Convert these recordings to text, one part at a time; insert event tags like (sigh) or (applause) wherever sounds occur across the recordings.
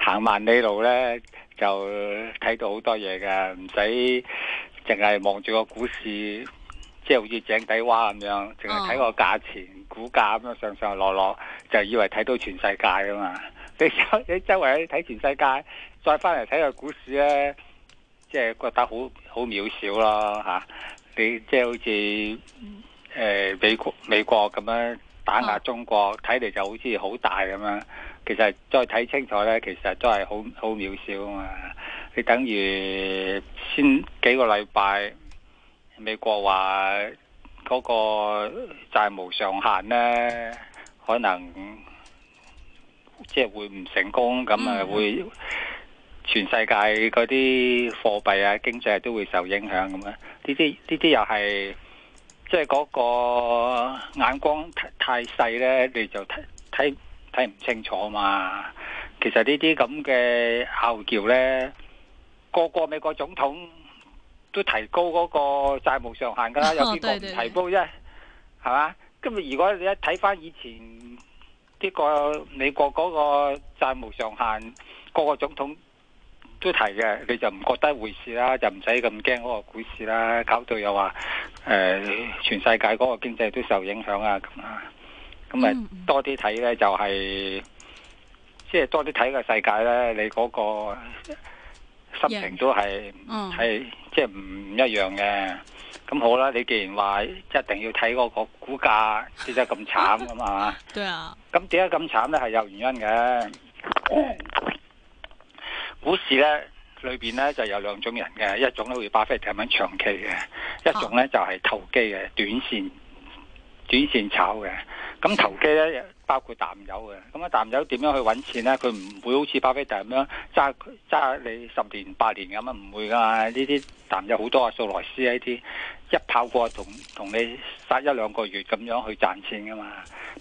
行萬里路咧，就睇到好多嘢噶，唔使淨係望住個股市，即係好似井底蛙咁樣，淨係睇個價錢、股價咁樣上上落落，就以為睇到全世界噶嘛。 (laughs) 你周你周圍睇全世界，再翻嚟睇個股市咧，即係覺得好好渺小咯吓、啊。你即係好似誒、呃、美國美國咁樣打壓中國，睇嚟、啊、就好似好大咁樣。其實再睇清楚呢，其實都係好好渺小啊嘛！你等於前幾個禮拜，美國話嗰個債務上限呢，可能即係、就是、會唔成功，咁啊、嗯、會全世界嗰啲貨幣啊、經濟、啊、都會受影響咁啊！呢啲呢啲又係即係嗰個眼光太細呢，你就睇睇。你唔清楚嘛？其實呢啲咁嘅後橋呢，個個美國總統都提高嗰個債務上限噶啦， (laughs) 有邊個唔提高啫？係嘛？ (laughs) 咁如果你一睇翻以前呢個美國嗰個債務上限，個個總統都提嘅，你就唔覺得一回事啦，就唔使咁驚嗰個股市啦，搞到又話誒，呃、全世界嗰個經濟都受影響啊咁啊！咁咪、嗯、多啲睇咧，就係即係多啲睇個世界咧，你嗰個心情都係係即係唔一樣嘅。咁好啦，你既然話一定要睇嗰個股價跌得咁慘噶嘛， (laughs) 對啊。咁點解咁慘咧？係有原因嘅、嗯。股市咧裏邊咧就有兩種人嘅，一種咧好似巴菲特咁樣長期嘅，一種咧就係投機嘅短線、短線炒嘅。咁投機咧，包括淡友嘅。咁啊，淡友點樣去揾錢咧？佢唔會好似巴菲特咁樣揸揸你十年八年咁樣，唔會噶。呢啲淡友好多啊，蘇萊 C I T 一炮過同同你殺一兩個月咁樣去賺錢噶嘛。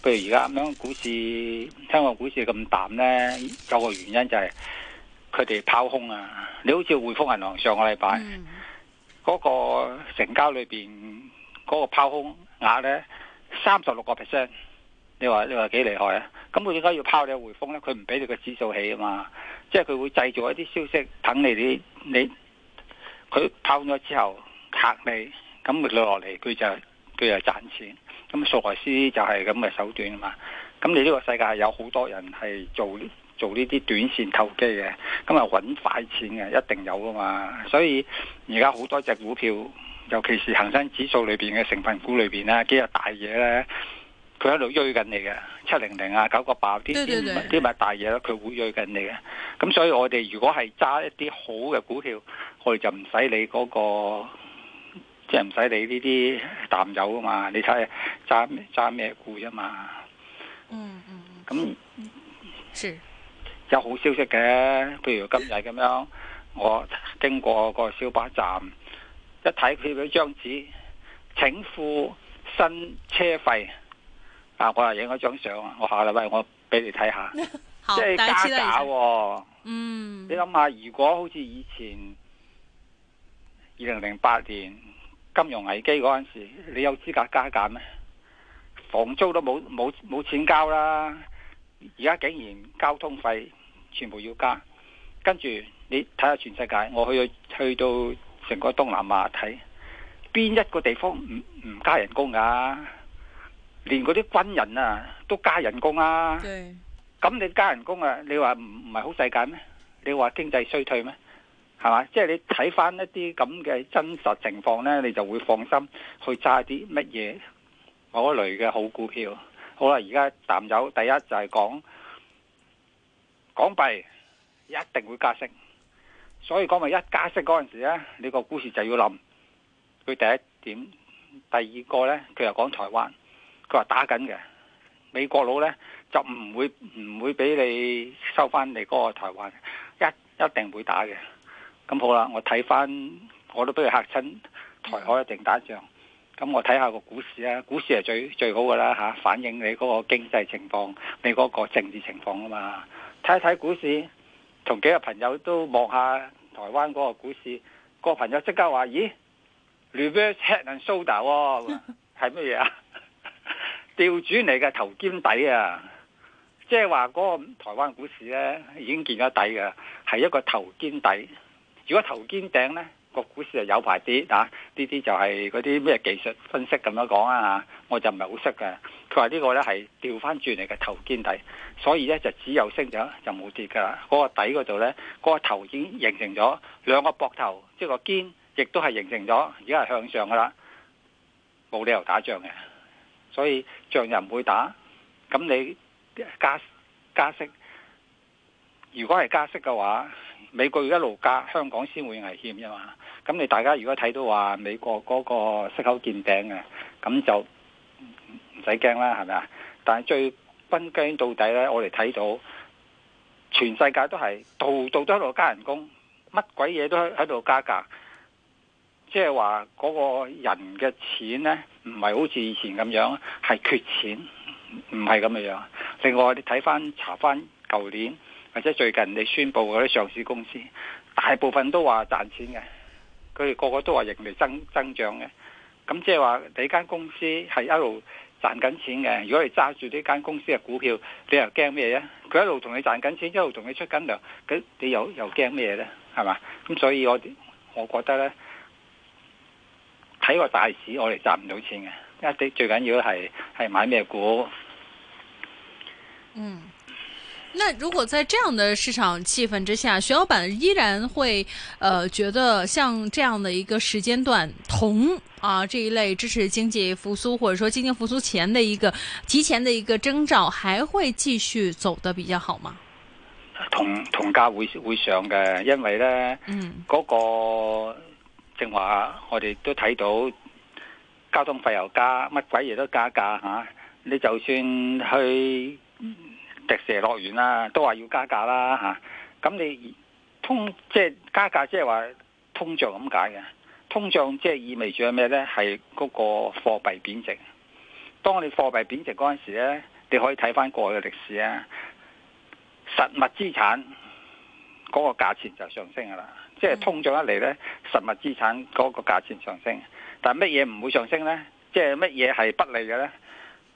譬如而家咁樣，股市聽講股市咁淡咧，有個原因就係佢哋拋空啊。你好似匯豐銀行上個禮拜嗰、嗯、個成交裏邊嗰個拋空額咧三十六個 percent。你話你話幾厲害啊？咁佢點解要拋你匯豐咧？佢唔俾你個指數起啊嘛，即係佢會製造一啲消息等你哋你佢拋咗之後嚇你，咁跌落嚟佢就佢就賺錢。咁索羅斯就係咁嘅手段啊嘛。咁你呢個世界有好多人係做做呢啲短線投機嘅，咁啊揾快錢嘅一定有啊嘛。所以而家好多隻股票，尤其是恒生指數裏邊嘅成分股裏邊咧，幾日大嘢呢。佢喺度追緊你嘅七零零啊，九個八啲啲咪大嘢咯，佢會追緊你嘅。咁所以我哋如果係揸一啲好嘅股票，我哋就唔使理嗰、嗰個，即係唔使理呢啲淡友啊嘛。你睇下揸揸咩股啫嘛？嗯嗯。咁、嗯、那有好消息嘅，譬如今日咁樣， (laughs) 我經過個小巴站，一睇佢個張紙，請付新車費。啊！我又影咗張相啊！我下禮拜我俾你睇下， (laughs) 好即係加價。 (laughs) 嗯，你諗下，如果好似以前二零零八年金融危機嗰陣時，你有資格加減咩？房租都冇冇冇錢交啦！而家竟然交通費全部要加，跟住你睇下全世界，我去去到成個東南亞睇，邊一個地方唔唔加人工噶？連嗰啲軍人啊都加人工啊，咁對你加人工啊？你話唔唔係好世界咩？你話經濟衰退咩？係嘛？即係你睇翻一啲咁嘅真實情況呢，你就會放心去揸啲乜嘢某類嘅好股票。好啦，而家淡友，第一就係講港幣一定會加息，所以講咪一加息嗰陣時咧，你個股市就要冧。佢第一點，第二個呢，佢又講台灣。佢話打緊嘅，美國佬呢，就唔會唔會俾你收翻嚟嗰個台灣，一一定會打嘅。咁好啦，我睇翻我都畀佢嚇親，台海一定打仗。咁我睇下個股市啊，股市係最最好嘅啦嚇，反映你嗰個經濟情況，你嗰個政治情況啊嘛。睇一睇股市，同幾個朋友都望下台灣嗰個股市，個朋友即刻話：咦，reverse head and shoulder 喎，係乜嘢啊？調轉嚟嘅頭肩底啊，即係話嗰個台灣股市呢，已經見咗底嘅，係一個頭肩底。如果頭肩頂呢個股市就有排跌啊！呢啲就係嗰啲咩技術分析咁樣講啊！我就唔係好識嘅。佢話呢個呢係調翻轉嚟嘅頭肩底，所以呢就只有升咗就冇跌噶啦。嗰個底嗰度呢，嗰個頭已經形成咗兩個膊頭，即係個肩，亦都係形成咗，而家係向上噶啦，冇理由打仗嘅。所以仗人唔會打，咁你加加息，如果係加息嘅話，美國一路加，香港先會危險啫嘛。咁你大家如果睇到話美國嗰個息口見頂嘅，咁就唔使驚啦，係咪啊？但係最崩驚到底呢，我哋睇到全世界都係度度都喺度加人工，乜鬼嘢都喺喺度加價。即係話嗰個人嘅錢呢，唔係好似以前咁樣，係缺錢，唔係咁嘅樣。另外你睇翻查翻舊年或者最近你宣布嗰啲上市公司，大部分都話賺錢嘅，佢哋個個都話盈利增增長嘅。咁即係話，你間公司係一路賺緊錢嘅。如果你揸住呢間公司嘅股票，你又驚咩啊？佢一路同你賺緊錢，一路同你出緊糧，咁你又又驚咩咧？係嘛？咁所以我我覺得呢。喺個大市我哋賺唔到錢嘅，一啲最緊要係，係買咩股？嗯，那如果在這樣的市場氣氛之下，徐老闆依然會，呃，覺得像這樣的一個時間段，銅啊這一類，支持經濟復蘇，或者說經濟復蘇前的一個提前的一個徵兆，還會繼續走得比較好嗎？銅，銅價會會上嘅，因為呢，嗯，嗰、那個。正話我哋都睇到交通費又加，乜鬼嘢都加價吓、啊。你就算去迪士尼樂園啦，都話要加價啦吓。咁、啊、你通即係、就是、加價，即係話通脹咁解嘅。通脹即係意味住係咩呢？係嗰個貨幣貶值。當你貨幣貶值嗰陣時呢，你可以睇翻過去嘅歷史啊，實物資產嗰個價錢就上升噶啦。即係通脹一嚟呢，實物資產嗰個價錢上升，但係乜嘢唔會上升呢？即係乜嘢係不利嘅呢？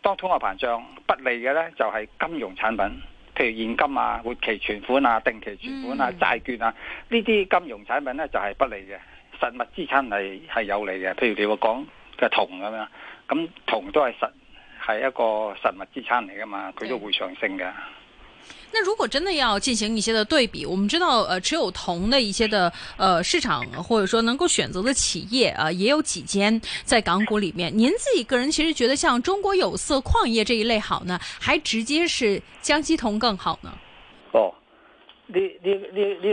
當通貨膨脹不利嘅呢就係金融產品，譬如現金啊、活期存款啊、定期存款啊、債券啊，呢啲金融產品呢就係不利嘅。實物資產係係有利嘅，譬如你會講嘅銅咁樣，咁銅都係實係一個實物資產嚟噶嘛，佢都會上升嘅。那如果真的要進行一些的對比，我們知道，呃，持有銅的一些的呃市場或者說能夠選擇的企業啊、呃，也有幾間在港股裏面。您自己個人其實覺得，像中國有色礦業這一類好呢，還直接是江西銅更好呢？哦，呢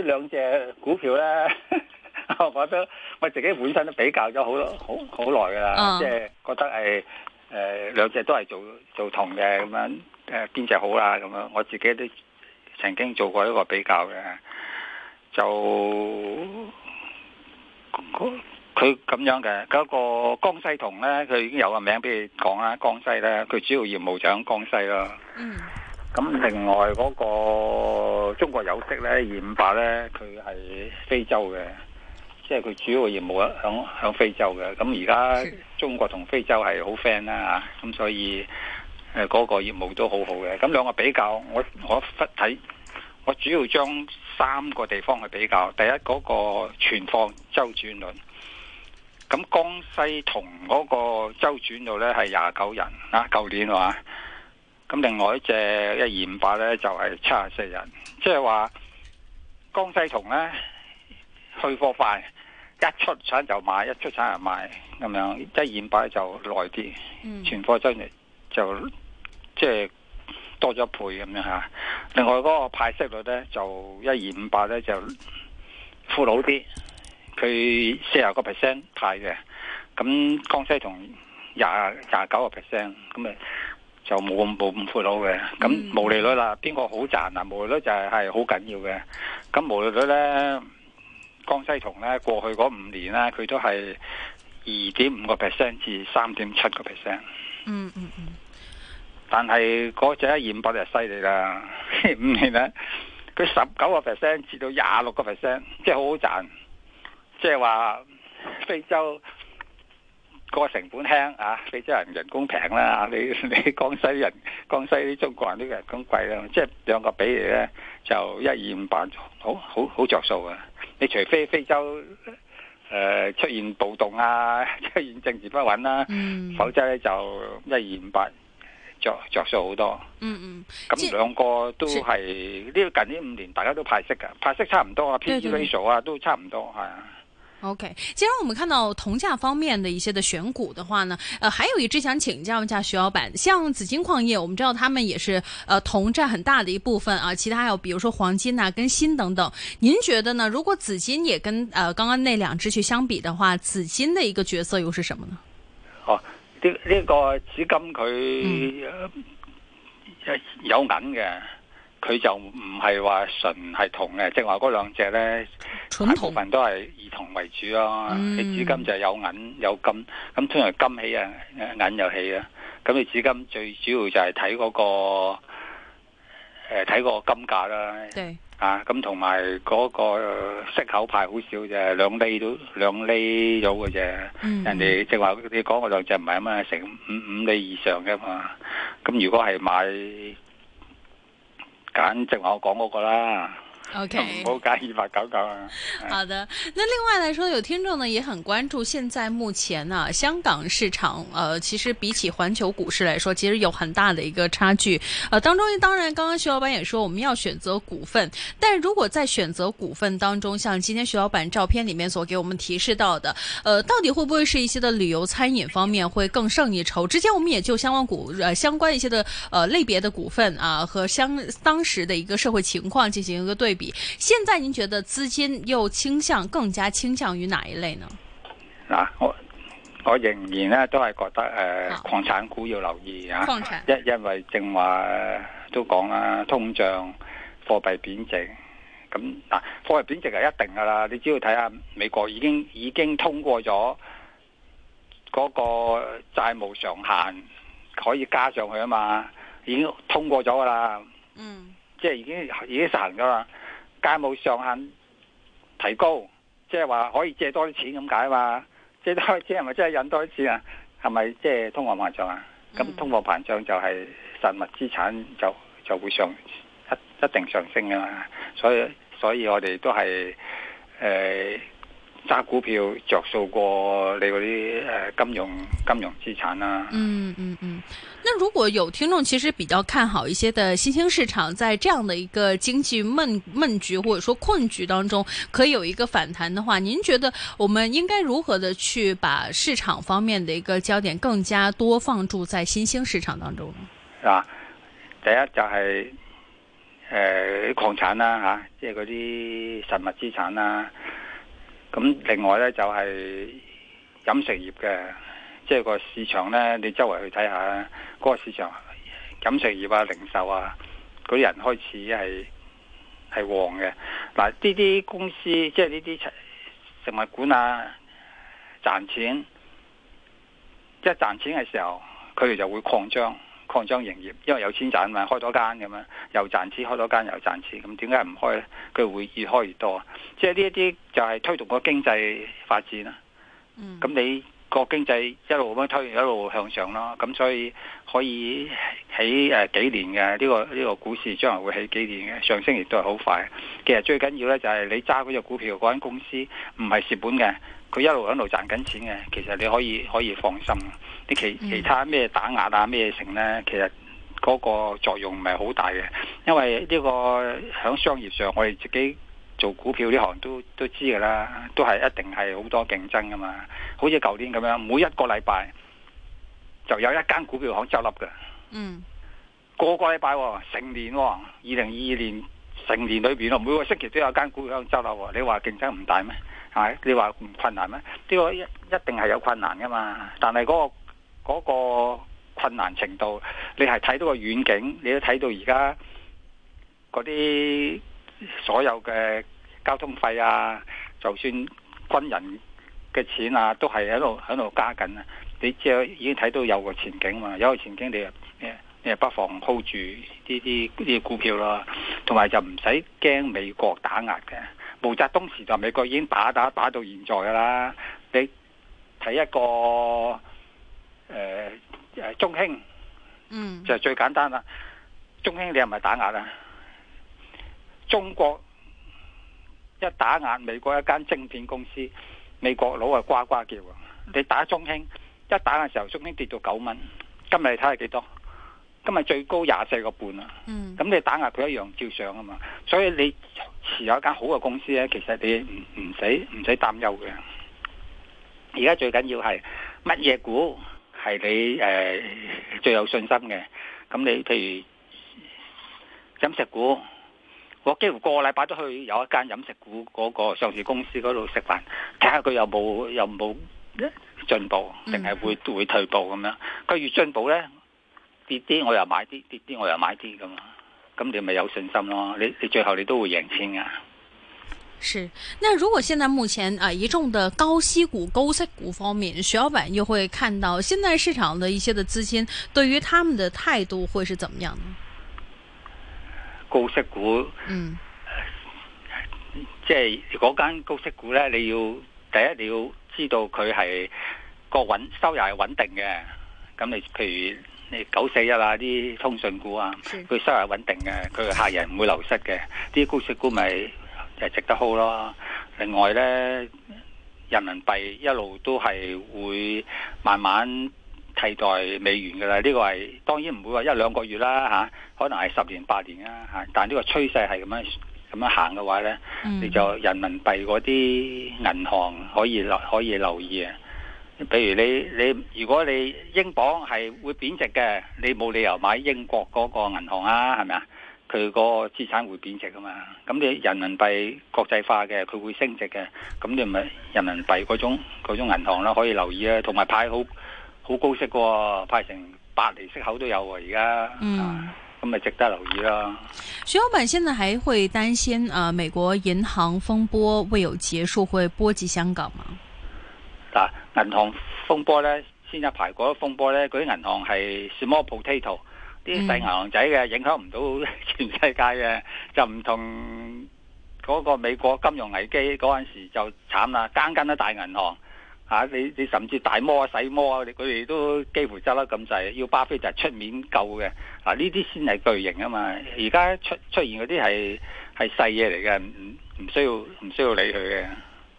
兩隻股票呢，呵呵我覺得我自己本身都比較咗好好好耐噶啦，即係、嗯、覺得係誒、呃，兩隻都係做做銅嘅咁樣。誒邊隻好啦咁樣，我自己都曾經做過一個比較嘅，就佢佢咁樣嘅嗰個江西銅咧，佢已經有個名俾你講啦。江西咧，佢主要業務就響江西咯。嗯。咁另外嗰個中國有色咧，二五八咧，佢係非洲嘅，即係佢主要業務響響非洲嘅。咁而家中國同非洲係好 friend 啦嚇，咁所以。誒，嗰個業務都好好嘅，咁兩個比較，我我忽睇，我主要將三個地方去比較。第一嗰個存貨周轉率，咁江西銅嗰個周轉度呢係廿九人啊，舊年話，咁另外一隻一二五八呢就係七十四人，即係話江西銅呢，去貨快，一出產就買，一出產就買，咁樣，一二五八就耐啲，存貨周轉就。即係多咗一倍咁樣吓，另外嗰個派息率咧就，呢就一二五八咧就闊佬啲，佢四十個 percent 派嘅，咁江西銅廿廿九個 percent，咁啊就冇咁冇咁闊佬嘅，咁毛利率啦，邊個好賺啊？毛利率就係係好緊要嘅。咁毛利率咧，江西銅咧過去嗰五年咧，佢都係二點五個 percent 至三點七個 percent。嗯嗯嗯。但係嗰隻一二五八就犀利啦，唔係啦，佢十九個 percent 至到廿六個 percent，即係好好賺。即係話、就是、非洲個成本輕啊，非洲人人工平啦。你你江西人、江西啲中國人呢啲人工貴啦，即係兩個比例咧就一二五八，好好好着數啊！你除非非洲誒、呃、出現暴動啊，出現政治不穩啦、啊，嗯、否則咧就一二五八。着着數好多，嗯嗯，咁、嗯、兩個都係呢是近呢五年大家都派息噶，派息差唔多啊，P E ratio 啊都差唔多係啊。OK，既然我們看到銅價方面的一些的選股的話呢，呃，還有一隻想請教一下徐老闆，像紫金礦業，我們知道他們也是，呃，銅占很大的一部分啊，其他有，比如說黃金啊，跟鋅等等，您覺得呢？如果紫金也跟，呃，剛剛那兩隻去相比的話，紫金的一個角色又是什麼呢？好、啊。啲、嗯、呢個紫金佢有銀嘅，佢就唔係話純係銅嘅，即係話嗰兩隻呢，大部分都係以銅為主咯、啊。你紫、嗯、金就有銀有金，咁通常金起啊，銀又起啊，咁你紫金最主要就係睇嗰個。誒睇個金價啦，對啊咁同埋嗰個息口牌好少啫，兩厘都兩厘咗嘅啫。嗯、人哋正話你講嗰就就唔係啊嘛，成五五厘以上嘅嘛。咁、啊、如果係買，揀正話我講嗰個啦。O K，冇介意吧，講講啊。好的，那另外來說，有聽眾呢也很關注，現在目前呢、啊、香港市場，呃其實比起環球股市來說，其實有很大的一個差距。呃當中當然，剛剛徐老闆也說，我們要選擇股份，但如果在選擇股份當中，像今天徐老闆照片裏面所給我們提示到的，呃到底會不會是一些的旅遊餐飲方面會更勝一籌？之前我們也就相關股，呃相關一些的，呃類別的股份啊和相當時的一個社會情況進行一個對比。現在您覺得資金又傾向更加傾向於哪一類呢？嗱、啊，我我仍然咧都係覺得誒、呃，礦產股要留意啊。礦產一因為正話都講啦，通脹、貨幣貶值，咁、嗯、嗱、啊，貨幣貶值係一定噶啦。你只要睇下美國已經已經通過咗嗰個債務上限可以加上去啊嘛，已經通過咗噶啦。嗯，即係已經已經實行咗啦。債務上限提高，即係話可以借多啲錢咁解嘛？借多啲錢係咪真係印多啲錢啊？係咪即係通貨膨脹啊？咁通貨膨脹就係實物資產就就會上一一定上升噶嘛？所以所以我哋都係誒。欸揸股票着數過你嗰啲誒金融金融資產啦、啊嗯。嗯嗯嗯。那如果有聽眾其實比較看好一些的新興市場，在這樣的一個經濟悶悶局或者說困局當中，可以有一個反彈的話，您覺得我們應該如何的去把市場方面的一個焦點更加多放住在新興市場當中呢？啊，第一就係、是、誒、呃、礦產啦、啊、吓、啊，即係嗰啲實物資產啦、啊。咁另外呢，就係飲食業嘅，即係個市場呢，你周圍去睇下，嗰個市場飲食業啊、零售啊，嗰啲人開始係係旺嘅。嗱，呢啲公司即係呢啲食物館啊，賺錢，即係賺錢嘅時候，佢哋就會擴張。擴張營業，因為有錢賺嘛，開多間咁樣又賺錢，開多間又賺錢，咁點解唔開呢？佢會越開越多，即係呢一啲就係推動個經濟發展啦。嗯，咁你。個經濟一路咁推，一路向上咯，咁所以可以喺誒幾年嘅呢個呢個股市將來會喺幾年嘅上升亦都係好快。其實最緊要咧就係你揸嗰隻股票嗰間公司唔係蝕本嘅，佢一路喺度賺緊錢嘅，其實你可以可以放心。啲其其他咩打壓啊咩成咧，其實嗰個作用唔係好大嘅，因為呢個響商業上我哋自己。做股票呢行都都知噶啦，都係一定係好多競爭噶嘛。好似舊年咁樣，每一個禮拜就有一間股票行執笠噶。嗯，個個禮拜成年、哦，二零二二年成年裏邊咯、哦，每個星期都有間股票行執笠、哦。你話競爭唔大咩？係咪？你話唔困難咩？呢、就、個、是、一一定係有困難噶嘛。但係嗰、嗰個、嗰個困難程度，你係睇到個遠景，你都睇到而家嗰啲。所有嘅交通費啊，就算軍人嘅錢啊，都係喺度喺度加緊啊！你即係已經睇到有個前景嘛，有個前景你你，你不妨 hold 住啲啲啲股票啦，同埋就唔使驚美國打壓嘅。毛澤東時代美國已經打打打到現在噶啦，你睇一個誒誒、呃、中興，嗯，就係最簡單啦。中興你係咪打壓啊？中國一打壓美國一間晶片公司，美國佬啊呱呱叫啊！你打中興一打嘅時候，中興跌到九蚊，今日你睇下幾多？今日最高廿四個半啦。嗯、咁你打壓佢一樣照上啊嘛。所以你持有一間好嘅公司咧，其實你唔唔使唔使擔憂嘅。而家最緊要係乜嘢股係你誒、呃、最有信心嘅？咁你譬如飲食股。我幾乎個個禮拜都去有一間飲食股嗰個上市公司嗰度食飯，睇下佢有冇有冇進步，定係會都會退步咁樣。佢越進步呢，跌啲我又買啲，跌啲我又買啲咁，咁你咪有信心咯。你你最後你都會贏錢㗎。是，那如果現在目前啊一眾的高息股、高息股方面，徐老闆又會看到現在市場的一些的資金對於他們的態度會是怎麼樣呢？高息股，嗯、即係嗰間高息股呢，你要第一你要知道佢係個穩收入係穩定嘅，咁你譬如你九四一啊啲通訊股啊，佢是收入係穩定嘅，佢嘅客人唔會流失嘅，啲高息股咪係值得 hold 咯。另外呢，人民幣一路都係會慢慢。替代美元嘅啦，呢、這個係當然唔會話一兩個月啦吓，啊，可能係十年八年啦吓，啊。但呢個趨勢係咁樣咁樣行嘅話呢，mm. 你就人民幣嗰啲銀行可以留可以留意啊。譬如你你如果你英鎊係會貶值嘅，你冇理由買英國嗰個銀行啊，係咪啊？佢個資產會貶值啊嘛。咁你人民幣國際化嘅，佢會升值嘅。咁你咪人民幣嗰種嗰種銀行啦，可以留意啊。同埋派好。好高息嘅、哦、派成百厘息口都有喎、哦，而家，嗯，咁咪、啊、值得留意咯。徐老闆，現在還會擔心啊？美國銀行風波未有結束，會波及香港嗎？嗱、啊，銀行風波咧，先一排嗰個風波咧，嗰啲銀行係 small potato，啲細銀行仔嘅影響唔到全世界嘅，嗯、就唔同嗰個美國金融危機嗰陣時就慘啦，間間都大銀行。啊！你你甚至大摩啊、細摩啊，佢哋都幾乎執得咁滯，要巴菲特出面救嘅。嗱、啊，呢啲先係巨型啊嘛。而家出出現嗰啲係係細嘢嚟嘅，唔唔需要唔需要理佢嘅。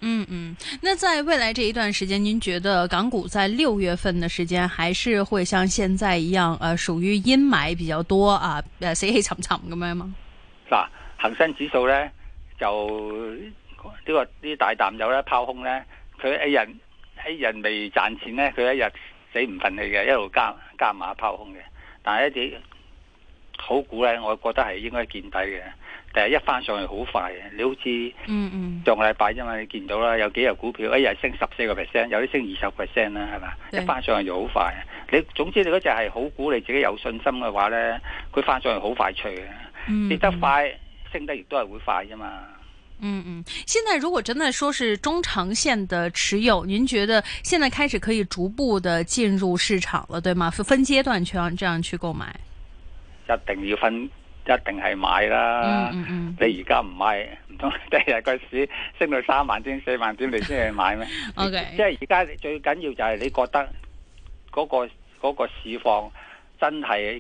嗯嗯，那在未來這一段時間，您覺得港股在六月份嘅時間，還是會像現在一樣，呃、啊，屬於陰霾比較多啊、啊，死氣沉沉咁樣嗎？嗱，恒生指數咧就呢、這個呢、這個、大淡友咧拋空咧，佢一日，一日未賺錢咧，佢一日死唔忿氣嘅，一路加加碼拋空嘅。但係一啲好股咧，我覺得係應該見底嘅。但係一翻上去好快嘅，你好似嗯嗯，上個禮拜啫嘛，你見到啦，有幾日股票一日升十四個 percent，有啲升二十 percent 啦，係嘛？是一翻上去就好快。你總之你嗰隻係好股，你自己有信心嘅話咧，佢翻上去好快脆嘅，跌、嗯嗯、得快升得亦都係會快啫嘛。嗯嗯，現在如果真的說是中長線的持有，您覺得現在開始可以逐步的進入市場了，對嗎？分階段去這樣去購買。一定要分，一定係買啦。嗯嗯嗯。你而家唔買，唔通第日個市升到三萬點、四萬點你先去買咩？OK。即係而家最緊要就係你覺得嗰個、嗰個、嗰個嗰個市況真係。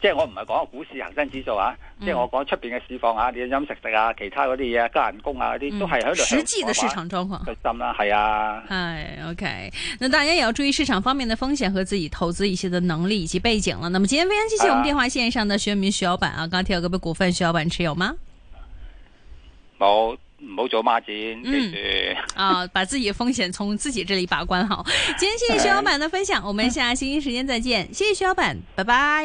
即係我唔係講個股市恒生指數啊，嗯、即係我講出邊嘅市況啊，你、嗯、飲食食啊，其他嗰啲嘢加人工，工啊，嗰啲、嗯、都係喺度。實際嘅市場狀況。心啦，係啊。係、啊哎、，OK。那大家也要注意市場方面的風險和自己投資一些嘅能力以及背景了。那麼今天非常謝謝我們電話線上嘅學員徐老闆啊，鋼、啊、鐵有冇股份徐老闆持有嗎？冇，唔好做孖展。記住。啊、嗯，哦、 (laughs) 把自己風險從自己這裏把關好。今天謝謝徐老闆的分享，我們下星期時間再見。謝謝徐老闆，拜拜。